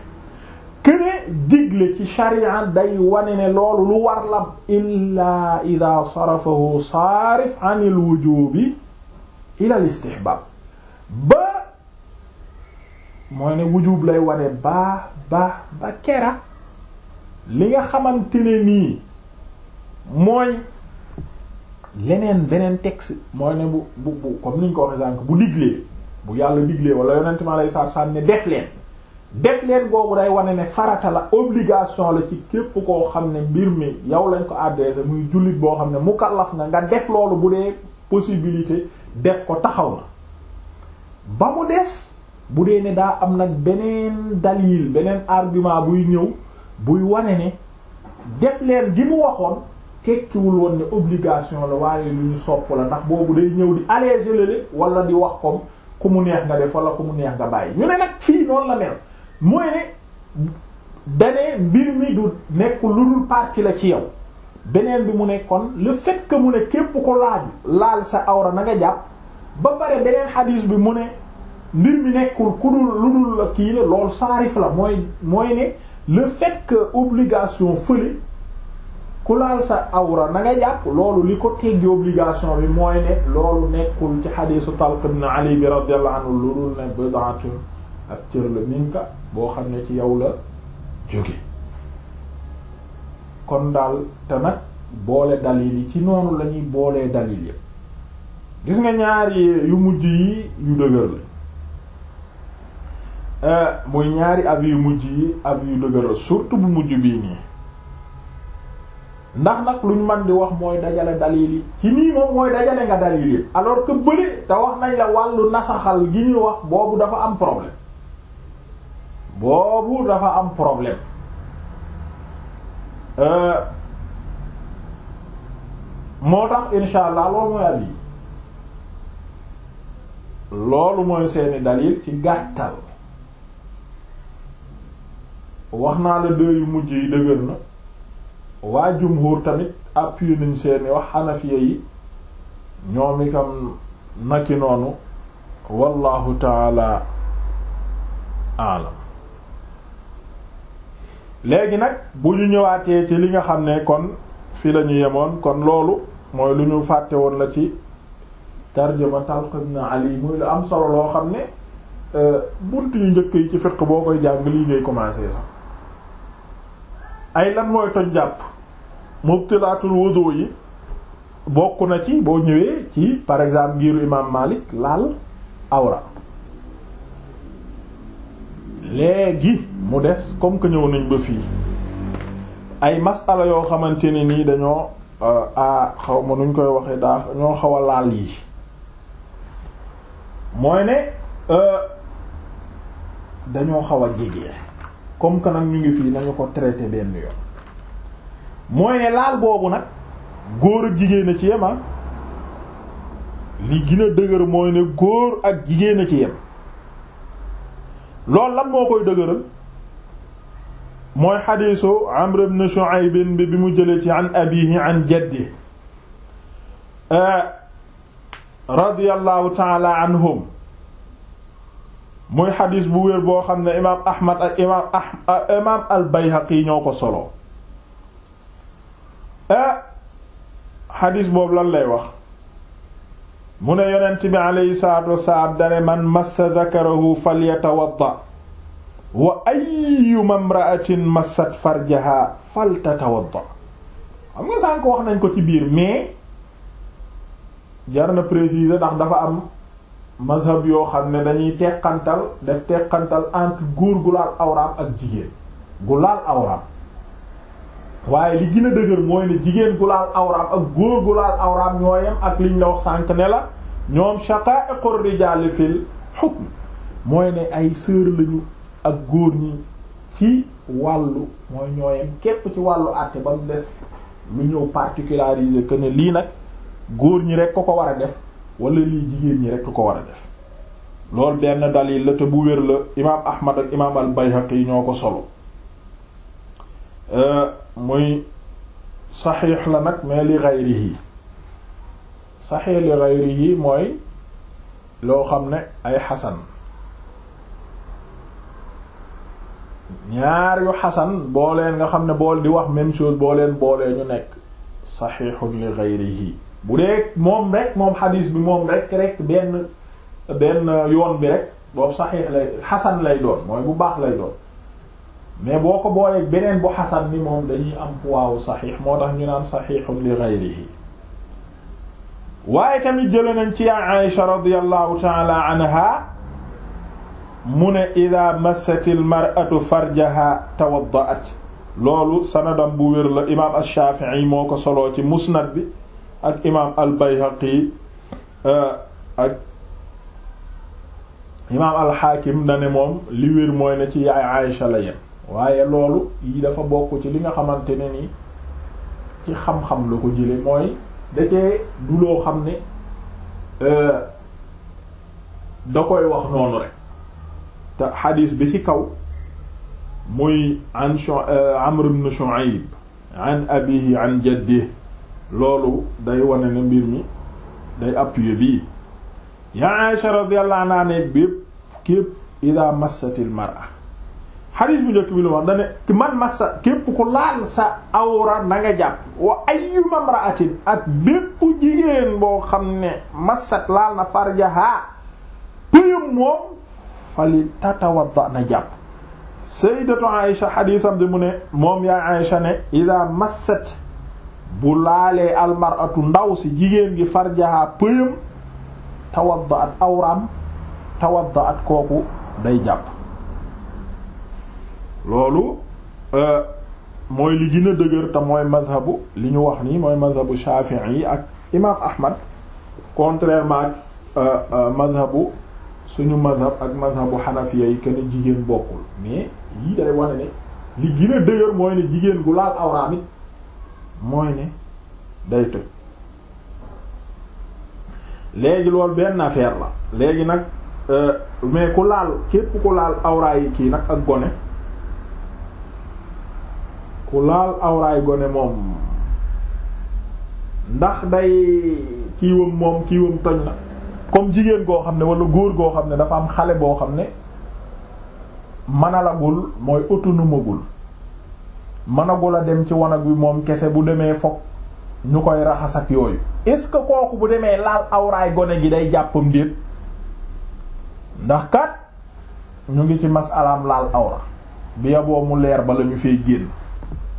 këne digle ci sharia day wane ne loolu lu war la illa ida sarafahu saarif an il wujubi ila al ba mooy ne wujub lay wane ba ba ba kera li nga xamante ne nii mooy leneen beneen texte mooy ne bu bu bu comme niñ ko waxee sànk bu diglee bu yàlla diglee wala yonent ma lay saar sànne def leen def leen boobu day wane ne farata la obligation la ci képp koo xam ne mbir mi yow lañ ko adressé muy jullit boo xam ne mukallaf nga nga def loolu bu dee possibilité def ko taxaw na ba mu des bu dee ne daa am nag beneen dalil beneen argument buy ñëw buy wane ne def leen gi mu waxoon tekkiwul woon ne obligation la waaye lu ñu sopp la ndax boobu day ñëw di alléger le wala di wax comme ku mu neex nga def wala ku mu neex nga bàyyi ñu ne nag fii noonu la mel mooy ne danee mbir mi du nekk lu dul parti la ci yow beneen bi mu nekkoon kon le mu ne képp ko laaj laal sa awra nanga jàpp ba pare beneen xadiis bi mu ne mbir mi nekkul ku dul lu dul la kii la loolu saarif la mooy mooy ne le fait obligation fële ku laal sa awra na nga jàpp loolu li ko teggi obligation bi mooy ne loolu nekkul ci xadiisu Talq ibn Ali bi radiyallahu anhu lu dul ne bidaatun ak cër la minka boo xam ne ci yow la jóge kon daal te nag boole dalil yi ci noonu lañuy boolee dalil yëpp gis nga ñaari yu mujj yi yu dëgër la euh, muy ñaari ab yu mujj yi avis yu dëgër la surtout bu mujj bii nii ndax nag luñ mën di wax mooy dajale dalil yi ci nii mooy dajale nga dalil yi alors que bële te wax nañ la wàllu nasaxal gi ñuy wax boobu dafa am problème boobu dafa am problème euh, moo tax insha allah loolu mooy ab yi loolu mooy seeni dalil ci gàttal wax naa la deux yu mujj yi dëgër na waa jumhur tamit appuyé nañ seeni wax xanafiya yi ñoom itam naki noonu wallahu taala alam léegi nag bu ñu ñëwaatee ci li nga xam ne kon fi la ñu yemoon kon loolu mooy lu ñu fàtte woon la ci tarjuma Talq ibn Ali muy lu am solo loo xam ne euh, bunt yu njëkk yi ci fiqh boo koy jàng lii ngay commencer sax ay lan mooy toj jàpp mubtilaatul wudu yi bokk na ci boo ñëwee ci par exemple ngiru imam Malik laal awra léegi mu des comme que ñëw nañ ba fii ay masala yoo xamante ne nii dañoo euh, a xaw ma nuñ koy waxee daa ñoo xaw a laal yi mooy ne euh, dañoo xaw a jege comme que nag ñu ngi fii nañu ko traité benn yoon mooy ne laal boobu nag góor ak jigéen a ci yem ah. li gën dëgër mooy ne góor ak jigéen a ci yem loolu lan moo koy dëgëral mooy xadiisu Amr ibn Shu'ayb bi bi mu jëlee ci an abi abiihi an jaddi radiyallahu taala anhum mooy xadiis bu wér boo xam ne imaam Ahmad ak imaam ah imaam al-Bayhaqi ñoo ko solo ah xadiis boobu lan lay wax. mu ne yonent bi aleyhi salaatu wasalaam dane man massa dakarahu falyatawadda wa ayyuma imra'atin massat farjaha faltatawadda xam nga sànk wax nañ ko ci biir mais jar na préciser ndax dafa am mazhab yoo xam ne dañuy teqantal def teqantal entre góor gu laal awraam ak jigéen gu laal awraam waaye li gën a dëgër mooy ne jigéen gu laal awraam ak góor gu laal awraam ñoo ak liñ la wax ne la ñoom shaqa'iqur rijal fil hukm mooy ne ay sœur lañu ak góor ñi ci wàllu mooy ñoo yem képp ci wàllu àtte ba mu des lu ñëw particularisé que ne lii nag góor ñi rek ko ko war a def wala lii jigéen ñi rek ko ko war a def loolu benn dalil la te bu wér la imaam Ahmad imaam al-Bayhaqi ñoo ko solo. Euh, muy saxiix la nag mais li gayrihi saxiix li gayrihi mooy loo xam ne ay xasan ñaar yu xasan boo leen nga xam ne bool di wax même chose boo leen boolee ñu nekk saxiixun li gayrihi bu dee moom rek moom xadiis bi moom rek rek benn benn yoon bi rek boobu saxiix lay xasan lay doon mooy bu baax lay doon mais boo ko booleeg beneen bu xasan bi moom dañuy am poids saxiix moo tax ñu naan saxiixun li gayrihi waaye tamit jële nañ ci yaa Aysha radiyallahu ta'ala anha mu ne ida massat al mar'atu farjaha tawadda'at loolu sanadam bu wér la imaam ash-Shafi'i moo ko soloo ci musnad bi ak imaam al-Bayhaqi eh, ak imaam al-Hakim dane moom li wér mooy ne ci yaa Aysha la yem waaye loolu yi dafa bokk ci li nga xamante ne ni ci xam-xam la ko jële mooy da cee du loo xam ne euh, da koy wax noonu rek te xadiis bi ci kaw muy an euh, Amr ibn Shu'ayb an abihi an jaddihi loolu day wane ne mbir mi day appuyer bii ya Aisha radiyallahu anha ne bépp képp ida massatil mar'a xadis bu njëkk bi lu wax dane man massa képp ku laal sa awra na jàpp wa ayyuma imra'atin ak bépp jigéen boo xam ne massat laal na farjaha pëyam moom fali tatawadda na jàpp sayyidatu Aïsha xadisam bi mu ne moom yaay Aïsha ne ida massat bu laalee almaratu ndaw si jigéen gi farjaha pëyam tawadda at awraam tawadda at kooku day jàpp loolu euh, mooy li gën a dëgër te mooy mazhabu li ñu wax nii mooy mazhabu Shafi'i yi ak imaam Ahmad contrairement ak euh, euh, mazhabu suñu mazhab ak mazhabu xanafiya yi kenn jigéen bokkul mais yii day wane ne li gën dëgër mooy ne jigéen gu laal awraam it mooy ne day toj léegi loolu benn affaire la léegi nag mais ku laal képp ku laal awraa yi kii nag ak gone ku laal awraay gone moom ndax day kiiwam moom kiiwam toñ na comme jigéen goo xam ne wala góor goo xam ne dafa am xale boo xam ne manalagul mooy otu autonomagul managul a dem ci wanag wi moom kese bu demee fokk ñu koy raxas ak yooyu est-ce que kooku bu demee laal awraay gone gi day jàppam déet ndax kat ñu ngi ci masalaam laal awra bi yaboo mu leer ba la ñu fay génn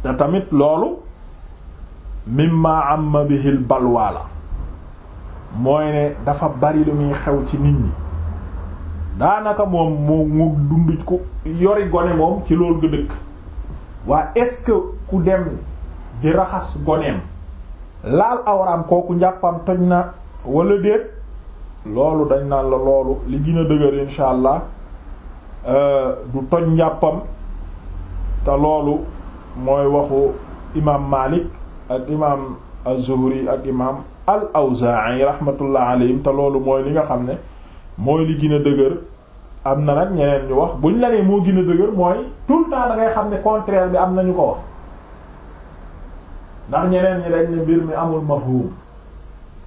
te tamit loolu mimma amma bihil balwaa la mooy ne dafa bari lu muy xew ci nit ñi daanaka moom mu mu dund ku yori gone moom ci loolu nga dëkk waa est-ce que ku dem di raxas goneem laal awraam kooku njàppam toj na walla déet loolu dañ naan la loolu li gën a dëgër insha allah euh, du toj njàppam te loolu mooy waxu imaam Malik ak imaam az ak imaam al-Awzaa'i rahmatullah alayhim te loolu mooy li nga xam ne mooy li gën a dëgër am na nag ñeneen ñu wax buñ la nee moo gën a dëgër mooy tout le temps da ngay xam ne contraire bi am nañu ko wax ndax ñeneen ñi dañ ne mbir mi amul mafhum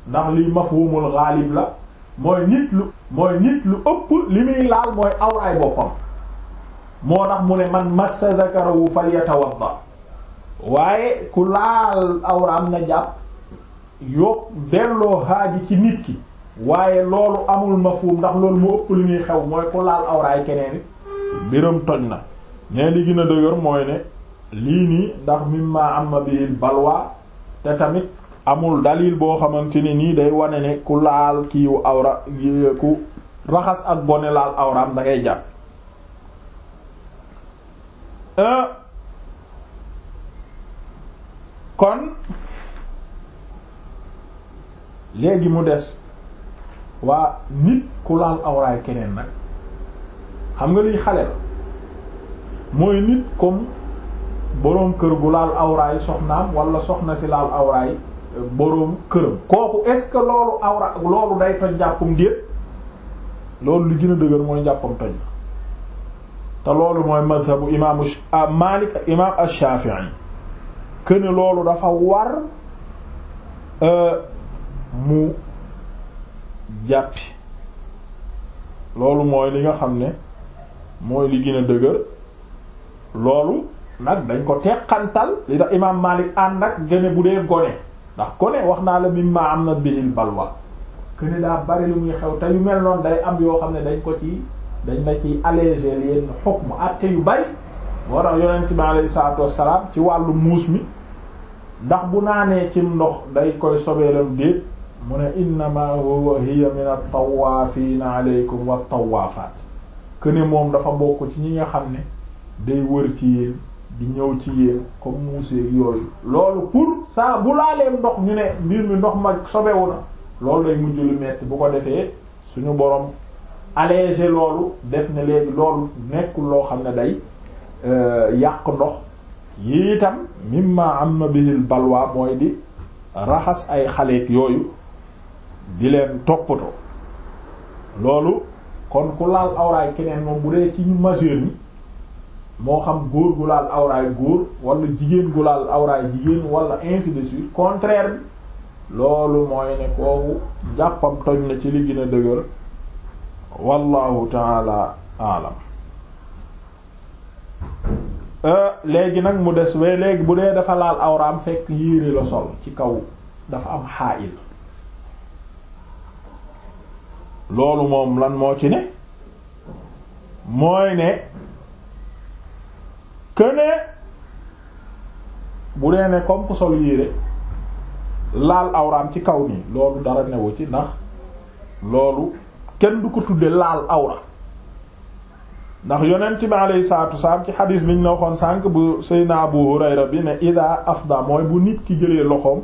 ndax liy mafhumul ghalib la mooy nit lu mooy nit lu ëpp li muy laal mooy awraay boppam moo tax mu ne man massa zakarahu falyatawa yatawadda waaye ku laal awraam na jàpp yóbbu delloo xaaji ci nit ki waaye loolu amul mafhum ndax loolu mu ëpp li ñuy xew mooy ku laal awraay keneen it toj na ne li gën a dëgër mooy ne lii nii ndax mimma amma bil balwa te tamit amul dalil boo xamante ne nii day wane ne ku laal kiiwu awra ku raxas ak bone laal awraam da jàpp euh, kon léegi mu des waa nit ku laal awraay keneen nag xam nga liy xale la mooy nit comme boroom kër gu laal awraay soxnaam wala soxna si laal awraay euh, boroom këram kooku est-ce que loolu awra loolu day toj njàppum déet loolu li gën a dëgër mooy njàppam toj te loolu mooy mazhabu imaamu ah, Maalik imaam yi këne loolu dafa war euh, mu jàppi loolu mooy li nga xam ne mooy li gën a dëgër loolu nag dañ ko teqantal li tax imaam Maalik ànd ak gëne bu dee gone ndax gone wax naa la mim maa am na bihil balwa këne daa bari lu muy xew te yu mel noonu day am yoo xam ne dañ ko ci dañ la ciy alléger yenn xukm àtte yu bari moo tax yonent bi alayhi salaatu wassalaam ci wàllu muus mi ndax bu naanee ci ndox day koy sobeelam déet mu ne innama huwa hiya min at-tawaafiina aleykum wa tawaafaat këne moom dafa bokk ci ñi nga xam ne day wër ci yéen di ñëw ci yéen comme muuseeg yooyu loolu pour saa bu laalee ndox ñu ne mbir mi ndox mag sobewu na loolu day mujj metti bu ko defee suñu borom allégé loolu def ne léegi loolu nekkul loo xam ne day euh, yàq ndox yii itam mimma am na bihil balwa mooy di raxas ay xaleek yooyu di leen toppatoo loolu kon ku laal awraay keneen moom bu dee ci ñu majeur ni moo xam góor gu laal awraay góor wala jigéen gu laal awraay jigéen wala ainsi de contraire bi loolu mooy ne kooku jàppam toj na ci li gën dëgër wallahu taala alam Euh, léegi nag mu des waaye léegi bu dee dafa laal awraam fekk yéere la sol ci kaw dafa am xaayil loolu moom lan moo ci ne mooy ne këne bu dee ne comme ku sol yéere laal awraam ci kaw nii loolu dara newu ci ndax loolu kenn du ko tudde laal awra ndax yonent bi alayhi salaatu wasalaam ci xadis bi ñu la waxoon sànq bu Seydina Abu Hurayra bi ne ida afda mooy bu nit ki jëlee loxoom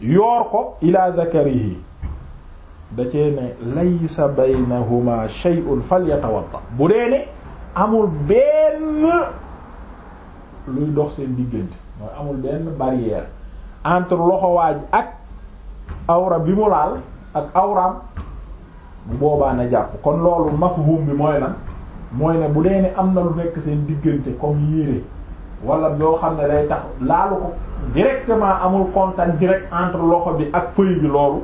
yoor ko ila zakarihi da cee ne laysa baynahuma shay'un falyatawadda bu dee ne amul benn luy dox seen diggante mooy amul benn barrière entre loxo waaj ak awra bi mu laal ak awraam bu boobaa na jàpp kon loolu mafhum bi mooy lan mooy ne bu dee ne am na lu nekk seen diggante comme yére wala loo xam ne day tax laalu ko directement amul contact direct entre loxo bi ak pëy bi loolu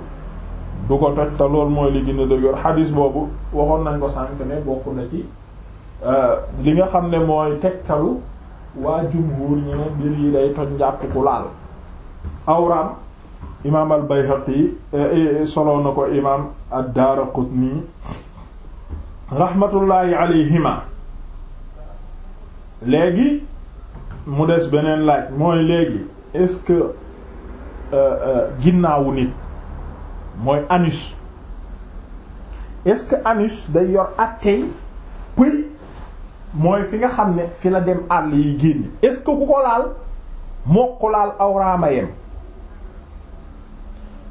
du ko toj te loolu mooy li gën a dëgër xadis boobu waxoon nañ ko sànq ne bokk na ci euh, li nga xam ne mooy tegtalu waa jumhur ñu ne mbir yi day toj njàpp ku laal awraam imaam al bayhaqi eh, eh, solo na ko imaam ad daaraqutni rahmatullahi alayhima léegi mu des beneen laaj mooy léegi est-ce que euh, euh, ginnaawu nit mooy anus est-ce que anus day yor attey pëy mooy fi nga xam ne fi la dem àll yi génn est-ce que ku ko laal moo ko laal awraama yem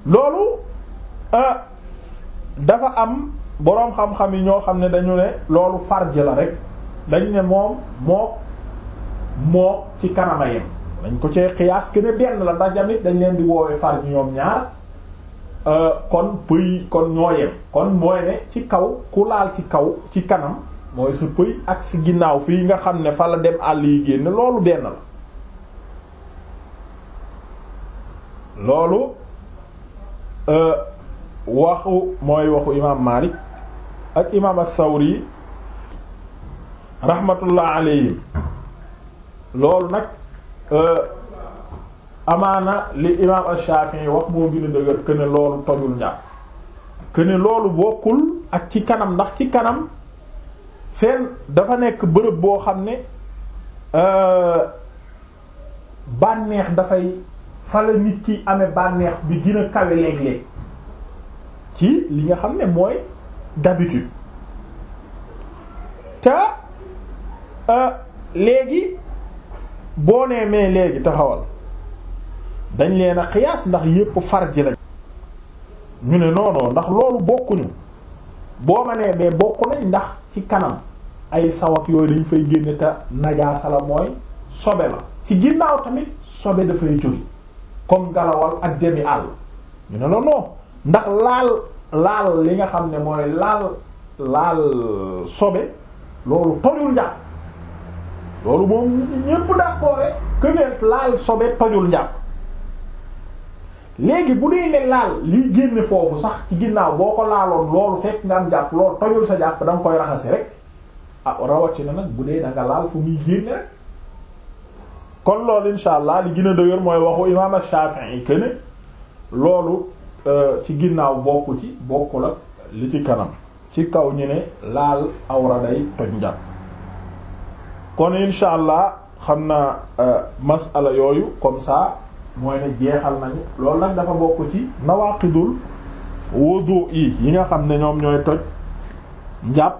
loolu euh, dafa am boroom xam-xam yi ñoo xam ne dañu ne loolu farj la rek dañ ne moom moo moo ci kanama yem dañ ko cee xiyaas que ne benn la ndax jamit dañ leen di woowee farj ñoom ñaar euh, kon pëy kon ñoo yem kon mooy ne ci kaw ku laal ci kaw ci kanam mooy su pëy ak si ginnaaw fii nga xam ne fa la dem àll yi génn loolu benn la loolu Euh, waxu mooy waxu imaam Maalik ak imaam as-Sawri rahmatullah alayhim loolu nag euh, amaana li imaam as-Shafi'i wax moo gën dëgër que loolu tojul njàpp que loolu bokkul ak ci kanam ndax ci kanam fenn dafa nekk bërëb boo xam ne euh, bànneex dafay fale la nit ki amee bànneex bi gën a kawe léeg-léeg ci li nga xam ne mooy d'habitude te euh, léegi boo nee mais léegi taxawal dañ leen a xiyaas ndax yépp far ji lañ ñu ne non ndax loolu bokkuñu boo ma nee mais bokku nañ ndax ci kanam ay sawak yooyu dañ fay génne te najaasa la mooy sobe la ci ginnaaw tamit sobe dafay jóge comme ngalawal ak demi àll ñu ne la non ndax laal laal li nga xam ne mooy laal laal sobe loolu tojul njàpp loolu moom ñépp d'accord que ne laal sobe tojul njàpp léegi bu dee ne laal liy génne foofu sax ci ginnaaw boo ko laaloon loolu fekk nga am jàpp loolu tojul sa jàpp da koy raxasi rek ah rawatina nag bu dee da laal fu muy génne rek kon loolu insha allah li gën a dëgër mooy waxu imaam Shafi'i que ne loolu euh, ci ginnaaw bokku ci bokkul ak li ci kanam ci kaw ñu ne laal awra day toj njàpp kon insha allah xam na euh, masala yooyu comme ça mooy ne jeexal nañu loolu nag dafa bokk ci nawaqidul wudu yi yi nga xam ne ñoom ñooy toj njàpp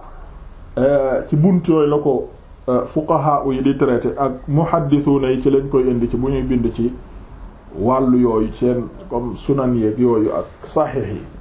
euh, ci bunt yooyu la ko Euh, fuqaha yi ak mu ak muhaddisuna yi ci lañ koy indi ci bu ñuy bind ci wàllu yooyu seen comme sunan yooyu ak saxiix yi